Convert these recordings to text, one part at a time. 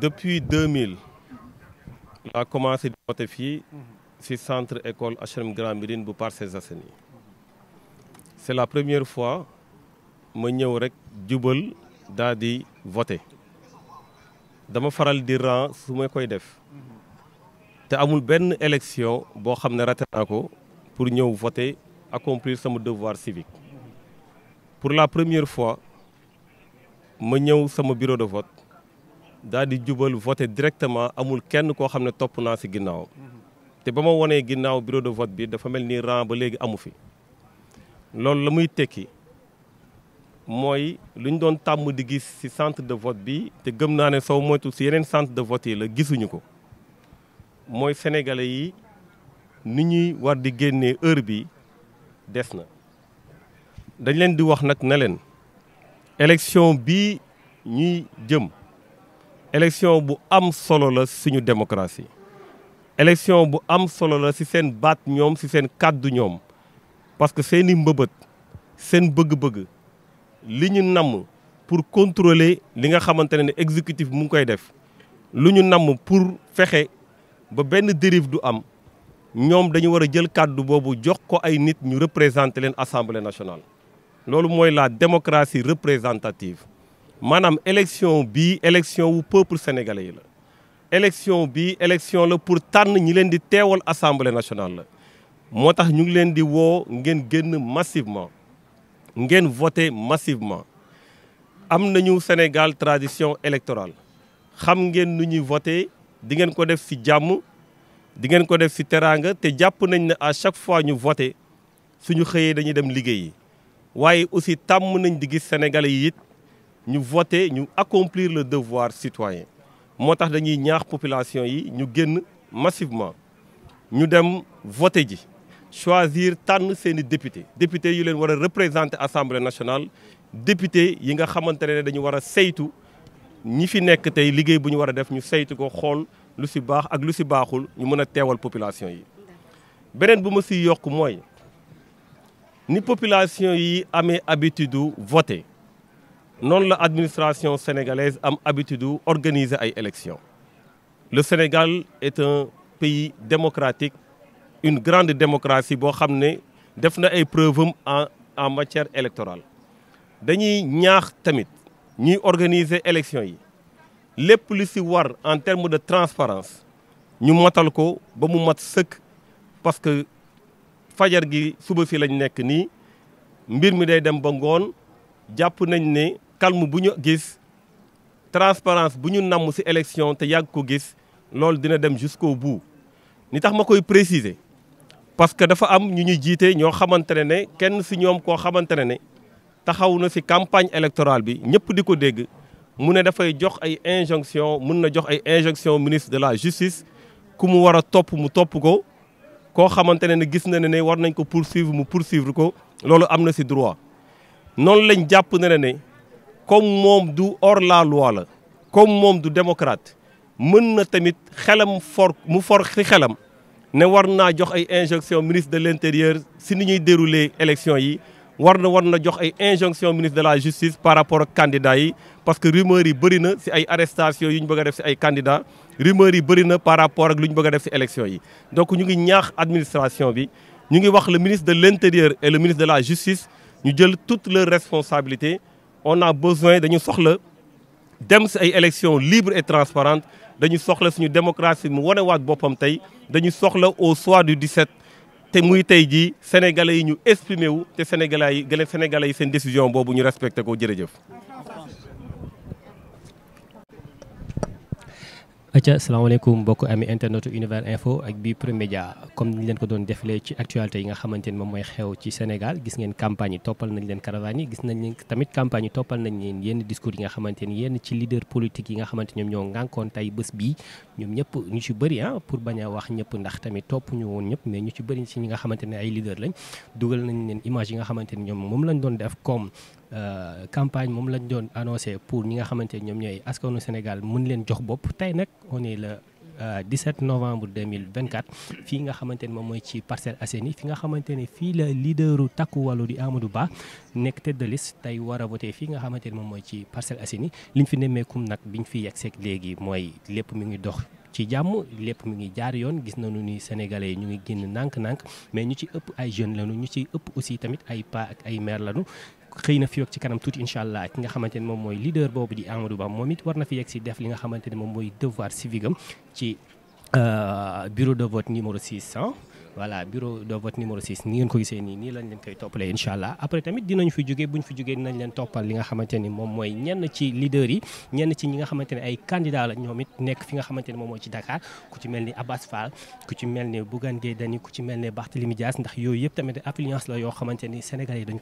depuis 2000 laa commencé di woote fii ci centre école HLM Grand Médine bu Parcelles Assainies c'est la première fois ma ñëw rek jubal daal di voter dama faral di rang su ma koy def te amul benn élection boo xam ne raté ko pour ñëw voter accomplir sama devoir civique pour la première fois ma ñëw sama bureau vote daal di jubal voté directement amul kenn koo xam ne topp naa si ginnaaw te ba ma wonee ginnaaw bureau de vote bi dafa mel nii rang ba léegi amu fi loolu la muy tekki mooy lu ñu doon tàmm di gis si centre de vote bi te gëm naa ne soo moytu si yeneen centre de vote yi la gisuñu ko mooy sénégalais yi ni ñuy war di génnee heure bi des na dañ leen di wax nag ne leen élection bii ñuy jëm élection bu am solo la suñu démocratie élection bu am solo la ci seen baat ñoom si seen kàddu ñoom parce que seeni mbëbët seen bëgg-bëgg li ñu namm pour contrôler li nga xamante ne exécutif mu ngi koy def lu ñu namm pour fexe ba benn dérive du am ñoom dañu war a jël kàddu boobu jox ko ay nit ñu représenter leen assemblée nationale loolu mooy la démocratie représentative maanaam élection bii élection wu peuple sénégalais yi la élection bii élection la pour tànn ñi leen di teewal assemblée nationale la moo tax ñu ngi leen di woo ngeen génn massivement ngeen voté massivement am nañu Sénégal tradition électorale xam ngeen nu ñuy voté di ngeen ko def si jàmm di ngeen ko def si teraanga te jàpp nañ ne à chaque fois ñu voté suñu xëyee dañuy dem liggéeyi waaye aussi tàmm nañ di gis sénégalais yi ñu voter ñu accomplir le devoir citoyen moo tax dañuy ñaax population yi ñu génn massivement ñu dem voter ji choisir tànn seeni député député yu leen war a représenter assemblée nationale député yi nga xamante ne dañu war a saytu ñi fi nekk tey liggéey bu ñu war a def ñu saytu ko xool lu si baax ak lu si baaxul ñu mën a teewal population yi beneen bu ma si yokk mooy ni population yi amee habitude u voter noonu la administration sénégalaise am habitude u organiser ay élections le Sénégal est un pays démocratique une grande démocratie boo xam ne def na ay preuve en en matière électorale dañuy ñaax tamit ñuy organiser élections yi lépp lu si war en terme de transparence ñu matal ko ba mu mat sëkk parce que fajar gi suba si lañ nekk nii mbir mi day dem ba ngoon jàpp nañ ne calme bu ñu gis transparence bu ñu namm si élection te yàgg ko gis loolu dina dem jusqu'au bout ni tax ma koy préciser parce que dafa am ñu ñuy jiite ñoo xamante ne ne kenn si ñoom koo xamante ne ne taxaw na si campagne électorale bi ñëpp di ko dégg mu ne dafay jox ay injonction mun na jox ay injonction ministre de la justice ku mu war topp mu topp ko koo xamante ne gis na ne ne war nañ ko pour poursuivre mu poursuivre ko loolu am na si droit noonu lañ jàpp ne ne comme moom du hors la loi la comme moom du démocrate mën na tamit xelam for mu for si xelam ne war naa jox ay injonction ministre de l' intérieur si ni ñuy dérouler élection yi war na war na jox ay injonction ministre de la justice par rapport ak candidat yi parce que rumeur yi bëri na si ay arrestation yu ñu bëgg a def si ay candidat rumeur yi bëri na par rapport ak lu ñu bëgg def ci élection yi donc ñu ngi ñaax administration bi ñu ngi wax le ministre de l'intérieur et le ministre de la justice ñu jël toutes leurs responsabilité on a besoin dañu soxla dem ci ay élections libre et transparentes dañu soxla suñu démocratie mu wanewaat boppam tey dañu soxla au soir du set te muy tey jii sénégalais yi ñu exprimer wu te sénégalais yi gën a yi seen décision boobu ñu respecté ko jërëjëf. acca salaamaaleykum mbokk ami internet univers info ak bi promédia comme niñ leen ko doon defalee ci actualité yi nga xamante ni moom mooy xew ci Sénégal gis ngeen campagne yi toppal nañ leen caravane yi gis nañ leen tamit campagne yi toppal nañ leen yenn discours yi nga xamante ni yenn ci leader politique yi nga xamante ñoom ñoo ngànkoon tey bés bii ñoom ñëpp ñu ci bëri ah pour bañ a wax ñëpp ndax tamit topp ñu woon ñëpp mais ñu ci bëri si ñi nga xamante ne ay leader lañ dugal nañ leen image yi nga xamante ni ñoom moom lañ doon def comme Euh, campagne moom lañ doon annoncé pour ñi nga xamante ñoom ñooy askanu Sénégal mën leen jox bopp tey nag on est le 17 euh, novembre 2024 fii nga xamante ni moom mooy ci Parcelles Assainies fi nga xamante ni fii la leaderu takku wàllu di Amadou Ba nekk tête de tey war a voté fii nga xamante ne moom mooy ci Parcelles Assainies liñ fi nemmeekum nag biñ fi yegg seeg léegi mooy lépp mu ngi dox. ci jàmm lépp mu ngi jaar yoon gis na nañu ni sénégalais yi ñu ngi génn nànk-nànk mais ñu ci ëpp ay jeunes lañu ñu ci ëpp aussi tamit ay pa ak ay maire lañu xëy na fi ak ci kanam tuuti incha allah ki nga xamante ne moom mooy leader boobu di Amadou Ba moom it war na fi yegg si def li nga xamante ne moom mooy devoir civique am ci euh, bureau de vote numéro 600. voilà bureau de vote numéro 6 ni ngeen ko gisee nii nii lañ leen koy toppalee incha allah après tamit dinañ fi fi jógee dinañ leen ne ay candidat la ñoom it nekk fi nga xamante yooyu yëpp tamit affluence la yoo xamante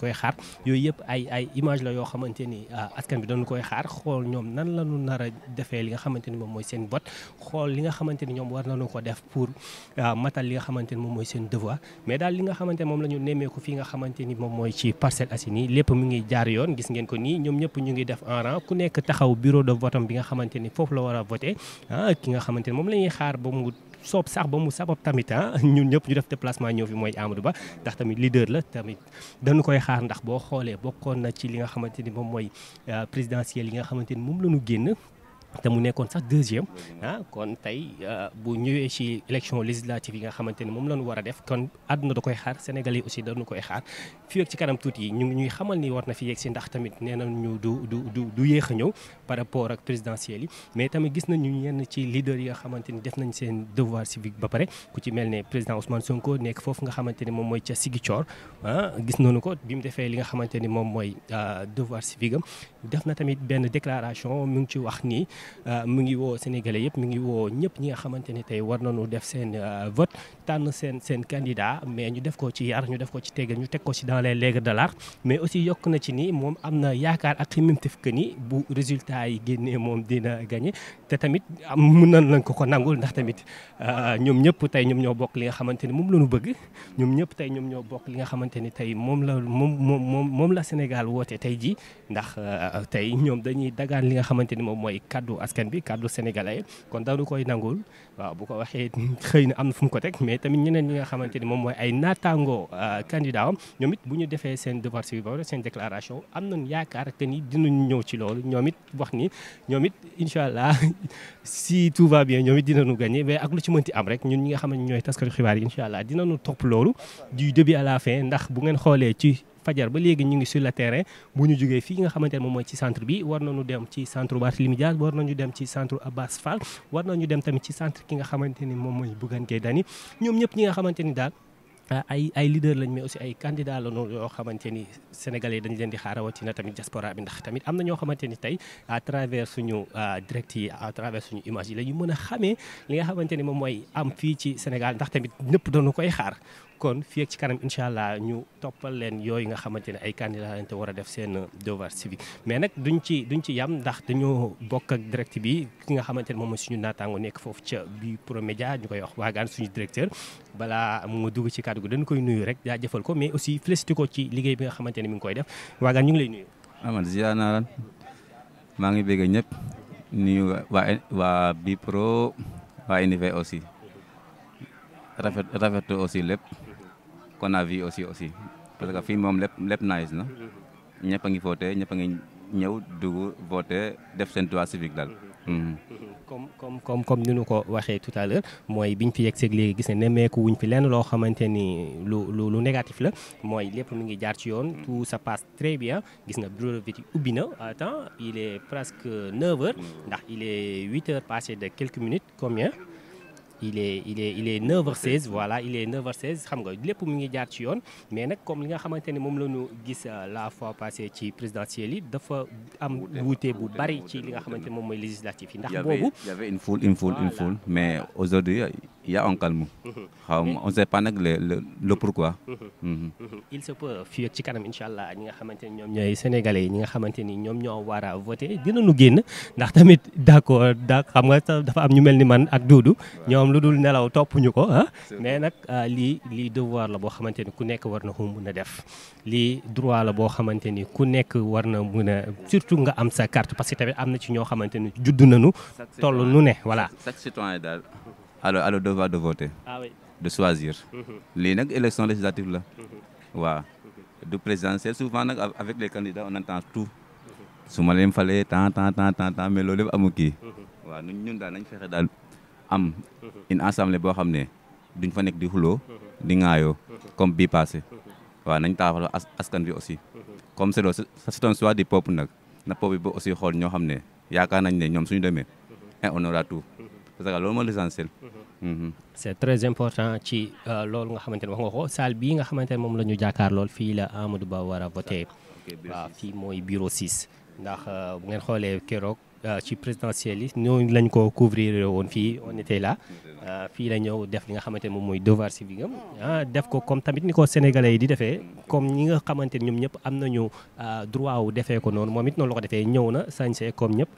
koy xaar yooyu yëpp ay ay image la yoo xamante ni ah, askan bi dañu koy xaar xool ñoom nan la ñu nar a li nga xamante ni moom mooy seen vote xool li nga xamante ni ñoom war nañu ko def pour ah, matal li nga xamante moom mooy seen devoir mais daal li nga xamante moom la ñu nemmeeku fii a voté ah xaar ba mu soob sax ba mu sabab tamit ah ñun ñëpp ñu def déplacement ñëw fi mooy Amadou Ba ndax tamit leader la tamit dañu koy xaar ndax boo xoolee bokkoon na ci li nga xamante ni moom mooy euh, présidentielle yi nga xamante ni moom la génn te mu nekkoon sax deuxième ah kon tey euh, bu ñëwee ci élection législative yi nga xamante ni moom la ñu war a def kon àdduna da koy xaar Sénégalais yi aussi dañu koy xaar ci kanam tuuti ñu ngi ñuy xamal ni war na fi yegg si ndax tamit nee nañu du du du du yéex a ñëw par rapport ak présidentielle yi mais tamit gis nañu yenn ci leader yi nga xamante ni def nañ seen devoir civique ba pare ku ci mel ne président Ousmane Sonko nekk foofu nga xamante ni moom mooy ca Ziguinchor ah gis nañu ko bi mu defee li nga xamante ni moom mooy euh, devoir civique def na tamit benn déclaration mu ngi ci wax nii Euh, mu ngi woo sénégalais yëpp mu ngi woo ñëpp ñi nga xamante ni tey war nañu def seen euh, vote tànn seen seen mais ñu def ko ci yar ñu def ko ci tegal ñu teg ko ci dans les règles de l'art mais aussi yokk na ci ni moom am na yaakaar ak ximimtif que ni bu résultat yi génnee moom dina gagné te tamit mun nan lañ ko ko nangul ndax tamit euh, ñoom ñëpp tey ñoom ñoo bokk li nga xamante ni moom la ñu bëgg ñoom ñëpp tey ñoom ñoo bokk li nga ni tey moom la moom moom moom la Sénégal woote tey ji ndax tey ñoom dañuy dagaan li nga xamante moom kaddu askan bi kaddu sénégalais kon dañu koy nangul waaw bu ko waxee xëy na am na fu mu ko teg mais tamit ñeneen ñi nga xamante ni moom mooy ay naataangoo euh, candidat am ñoom bu ñu defee seen devoir civique ba seen yaakaar que ni dinañu ci loolu ñoom it wax ni ñoom it incha allah si tout va bien ñoom it dinañu gagné mais ak lu ci mënti am rek ñun ñi nga xam ne ñooy taskatu xibaar yi incha allah dinañu topp loolu du début à la fin ndax bu ngeen xoolee fajar ba léegi ñu ngi sur le terrain bu ñu jógee fii nga xamante ne moom mooy ci centre bi war nañu dem ci centre Barthélémy Dias war nañu dem ci centre Abbas war nañu dem tamit ci centre ki nga xamante ni moom mooy Bougane Gueye ñoom ñëpp ñi nga xamante ni daal Euh, ay ay leader lañ mais aussi ay candidat la yoo xamante ni sénégalais dañ leen di xaar rawatina tamit diaspora bi ndax tamit am na ñoo xamante ni tey à travers suñu euh, direct yi à travers suñu image la ñu mën a xamee li nga xamante ni moom mooy am fii ci Sénégal ndax tamit ñëpp dañu koy xaar kon fii ak kanam incha allah ñu toppal leen yooyu nga xamante ne ay candidat lañ te war a def seen devoir civique mais nag duñ ci duñ ci yam ndax dañoo bokk ak direct bi ki nga xamante ne moom mooy suñu naataango nekk foofu ca bi promédia ñu koy wax waagaan suñu directeur balaa mu dugg ci kàddu Kaddu dañu koy nuyu rek jaajëfal ko mais aussi félicité ko ci liggéey bi nga xamante ne mi ngi koy def waagaan ñu ngi lay nuyu. amal ziar naa maa ngi bëgg ñëpp nuyu waa waa Bipro waa Unive aussi rafet rafetlu aussi lépp kon a vie aussi aussi parce que fii moom lépp lépp nice na ñëpp ngi voté ñëpp a ngi ñëw dugg voté def seen droit civique daal. Mm-hmm. Mm-hmm. comme comme comme comme ni nu ko waxee tout à l'heure mooy biñ fi yegg seeg léegi gis ne nemmeeku wuñ fi lenn loo xamante ni lu lu lu négatif la mooy lépp mu ngi jaar ci yoon tout ça passe très bien gis nga bureau de ubbi na à temps il est presque 9 heures ndax il est 8 heures passé de quelques minutes combien. il est il est il est 9h16 voilà il est 9h16 xam nga lépp mu ngi jaar ci yoon mais nag comme li nga xamante ne moom la ñu gis euh, la fois passée ci présidentielle yi dafa am wuute bu bari ci li nga xamante ne moom mooy législatif yi ndax boobu il y avait une foule une foule une foule mais aujourd'hui il y a un calme. xaw ma on sait pas nag le le pourquoi. Mmh. il se peut fii ci kanam incha allah ñi nga xamante ni ñoom ñooy sénégalais yi ñi nga xamante ni ñoom ñoo war a voté dinañu génn ndax tamit d' accord da xam nga dafa am ñu mel ni man ak Doudou. ñoom lu dul nelaw topp ñu ko ah. mais nag euh, lii lii devoir la boo xamante ni ku nekk war na ko mun a def lii droit la boo xamante ni ku nekk war na mun a surtout nga am sa carte parce que tamit am na ci ñoo xamante ni judd nañu. toll nu ne voilà. à le à le devoir de voter. Ah de choisir. Mhm. lii nag élection législative la. Mhm. waa mhm. du présidentiel souvent nag avec les candidats on entend tout. su ma leen falee tant tant tant tant tant mais loolu yëpp amul kii. waaw ñun daal nañ fexe daal am. une assemblée boo xam ne duñ fa nekk di xuloo di ŋaayoo comme bii passé. waaw nañ taaxal askan bi aussi. comme c'est c'est un choix du peuple nag na peuple bi aussi xool ñoo xam ne yaakaar nañ ne ñoom suñu demee. on aura tout. parce que loolu mooy l'essentiel. Mm-hmm. Mm-hmm. c'est très important ci euh, loolu nga xamante ne wax nga ko salle bii nga xamante ne moom la ñu jàkkaar fii la Amadou Ba war a voté waaw fii mooy bureau 6 ndax euh, bu ngeen xoolee keroog euh, ci présidentielle yi ñooñu lañ ko couvrir woon fii on était là fii la ñëw def li nga xamante ne moom mooy devoir ah, def ko comme tamit ni ko sénégalais di defee comme ñi nga xamante ne ñëpp am nañu droit wu defee ko noonu moom it noonu la ko ñëw na sañse comme ñëpp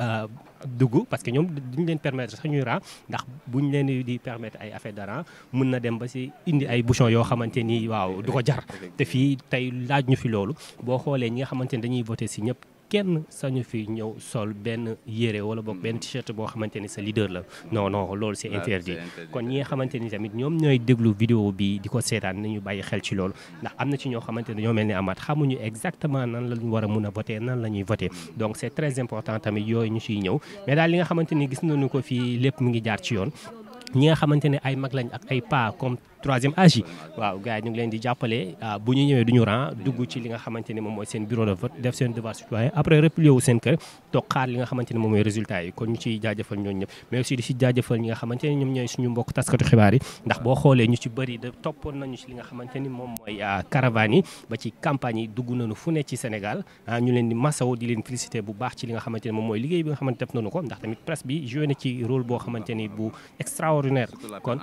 Euh, dugg parce que ñoom duñ leen permettre sax ñuy ndax bu ñu leen di permettre ay affaire dara ran mën na dem ba si indi ay bouchon yoo xamante ni waaw du ko jar te fii tey laaj ñu fi loolu boo xoolee ñi nga xamante ni dañuy voté si ñëpp kenn sañu fi ñëw sol benn yére wala boo benn mm. t-shirt boo xamante ni sa leader la non non loolu c'est ah, interdit kon ñi nga xamante ni tamit ñoom ñooy déglu vidéo bi di ko seetaan nañu bàyyi xel ci loolu mm. ndax am na ci ñoo xamante ne ñoo mel ni amaat xamuñu exactement nan lañu war a mun a voter nan la ñuy voter mm. donc c'est très important tamit yooyu ñu siy ñëw mais daal li nga xamante ni gis nañu ko fii lépp mu ngi jaar ci yoon ñi nga xamante ne ay mag lañ ak ay pa comme troisième âge yi waaw gars yi ñu ngi leen di jàppale ah, bu ñu ñëwee du ñu ran dugg ci li nga xamante ne moom mooy seen bureau de vote def seen devoir citoyen après replier wu seen kër toog xaar li nga xamante ne moom mooy résultat yi kon ñu ciy jaajëfal ñooñu ñëpp mais aussi ne ñoom ñooy suñu mbokk taskatu xibaar yi ndax boo xoolee ñu ci bëri da toppoon nañu ci li nga xamante ni moom mooy ah, caravane ba ci campagne yi dugg nañu fu ne ci Sénégal ah, ñu leen di masaw di leen féliciter bu baax ci li nga xamante ne moom mooy liggéey bi nga xamante def nañu ko ndax xamante ni bu extraordinaire kon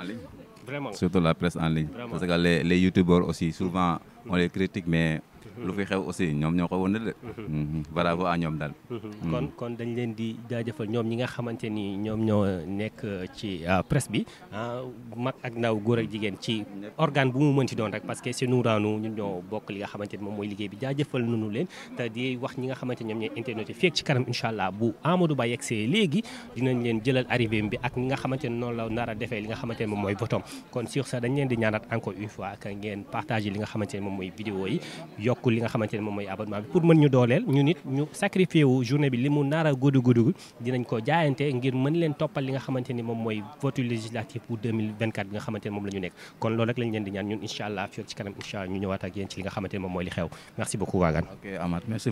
Vraiment. Surtout la presse en ligne. Vraiment. Parce que les, les youtubeurs aussi, souvent, on les critique, mais lu fi xew aussi ñoom ñoo ko wane de. Mhm. bravo à ñoom daal. Mhm. Mhm. kon kon dañ leen di jaajëfal ñoom ñi nga xamante ni ñoom ñoo nekk ci euh, presse bi ah, mag ak ndaw góor ak jigéen ci organe bu mu mënti doon rek parce que si nuuraanu ñun ñoo bokk li nga xamante ni moom mooy liggéey bi jaajëfal nunu leen te di wax ñi nga xamante ñoom ñooy internet yi fii ci kanam incha allah bu Amadou Ba yegsee léegi dinañ leen jëlal arrivé bi ak ñi nga xamante ni noonu la nar a li nga xamante ni moom mooy votom kon sur ça dañ leen di ñaanat encore une fois que ngeen partager li nga xamante moom mooy vidéo yokkul li nga xamante moom mooy abonnement bi pour mën ñu dooleel ñu nit ñu sacrifié wu journée bi li mu nar a gudd gudd dinañ ko jaayante ngir mën leen toppal li nga xamante moom mooy vote législatif pour bi nga xamante moom la nekk kon loolu rek lañ leen di ñaan ñun incha allah fii ci kanam incha allah ñu ñëwaat ak yéen ci li nga xamante moom mooy li xew merci beaucoup Wagan ok Amath merci